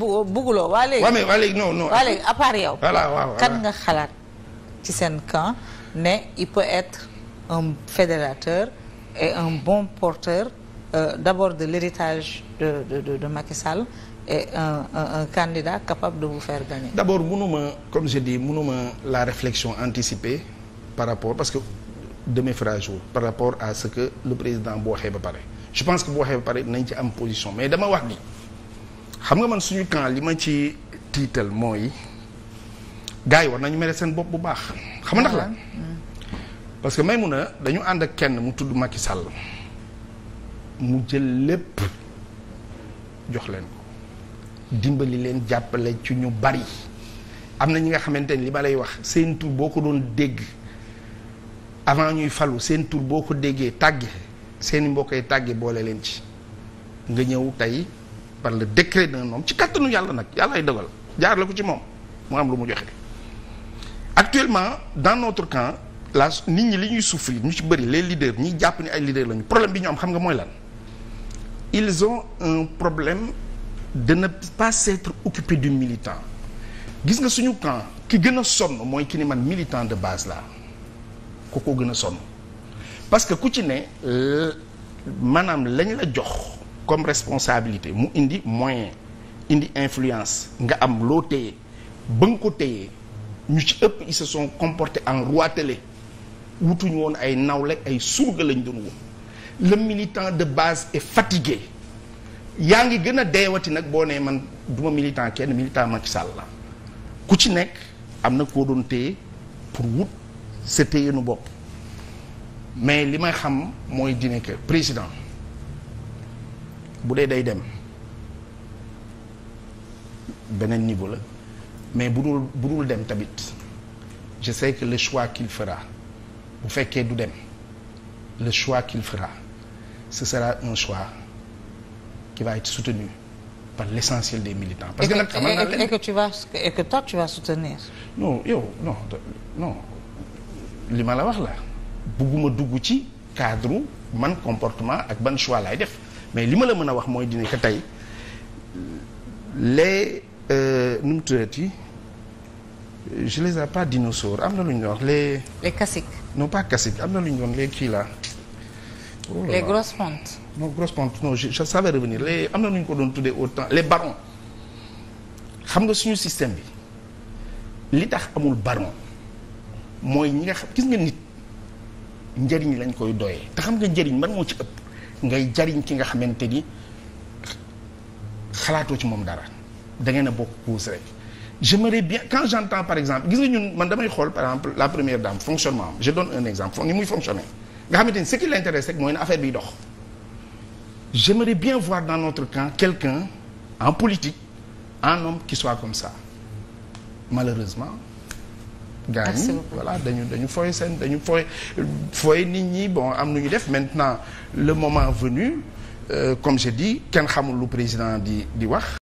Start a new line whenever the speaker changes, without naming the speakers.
bu bugguloo waa léegi. waaw mais waa léegi non non. waa léegi à part yow. voilà waaw kan nga xalaat ci seen camp ne il peut être un fédérateur et un bon porteur euh, d'abord de l'héritage de de de de Macky Sall et un, un un candidat capable de vous faire gagner. d'abord mënuma comme je dis mënuma la réflexion anticipée par rapport parce que demain fera jour par rapport à ce que le président bu waxee ba pare je pense que bu waxee ba pare nañ ci am position mais dama wax ni. xam nga man suñu camp li ma ci tiital mooy gars yi war nañu mere seen bopp bu baax xam nga ndax la mm. parce que Maimouna dañu ànd ak kenn mu tudd Macky Sall mu jël lépp jox leen ko dimbali leen jàppale ci ñu bari am na ñi nga xamante ni li ma lay wax seen tur boo ko doon dégg avant ñuy falu seen tour boo ko déggee tàgge seeni i mbokk yi tàgge boole leen ci nga ñëw tey par le décret d'un homme ci kattanu yàlla nag yàlla ay dogal jaar la ko ci moom mu am lu mu joxe actuellement dans notre camp la nit ñi li ñuy souffrir ñu ci bëri les leaders ñi jàpp ni ay leaders lañu problème bi ñu am xam nga mooy lan ils ont un problème de ne pas s'être occupé du militant gis nga suñu camp ki gën a sonn mooy ki ni man militant de base la ko ko gën a sonn parce que ku ci ne maanaam lañ la jox comme responsabilité mu indi moyen indi influence nga am loo téye ba nga ko téyee ñu ci ëpp ils se sont comportés en roi télé wutuñu woon ay nawle ay surga lañ doon woon le militant de base est fatigué yaa ngi gën a deewati nag boo nee man duma militant kenn militant Macky Sall la ku ci nekk am na koo doon téye pour wut sa téye nu bopp mais li may xam mooy dina que président bu dee day dem beneen niveau la mais bu dul bu dul dem tamit je sais que le choix qu'il fera bu fekkee du dem le choix qu'il fera ce sera un choix qui va être soutenu par l'essentiel des militants. parce que nag xamal naa leen et que tu vas et que toi tu vas soutenir. non yow non non li ma la wax la bugguma dugg ci cadre man comportement ak ban choix laay def. mais li ma la mën a wax mooy dina ko tey les euh, nu mu tuddati je les ai pas dinosaures am na lu ñu doon wax les. les caciques. non pas caciques am na lu ñu doon les kii là. Oh les grosses pontes. non grosses je, je savais revenir les am na lu ñu ko doon tuddee au temps les barons xam nga suñu système bi li tax amul baron mooy ñi nga xam gis nga nit njëriñ lañ koy doyee te xam nga njëriñ man moo ci ëpp. ngay jariñ ki nga xamante ni xalaatoo ci moom dara da ngeen a bokk cause rek j'aimerais bien quand j'entends par exemple gis nga ñun man damay xool par exemple la première dame fonctionnement je donne un exemple ni muy fonctionner nga xamante ni ce qui l'intéresse rek mooy na affaire biy dox j'aimerais bien voir dans notre camp quelqu'un en politique en homme qui soit comme ça malheureusement gaa ñi voilà dañu dañu fooy seen dañu fooy fooy nit ñi bon am nu ñu def maintenant le moment venu euh, comme j'ai dit kenn xamul lu président di di wax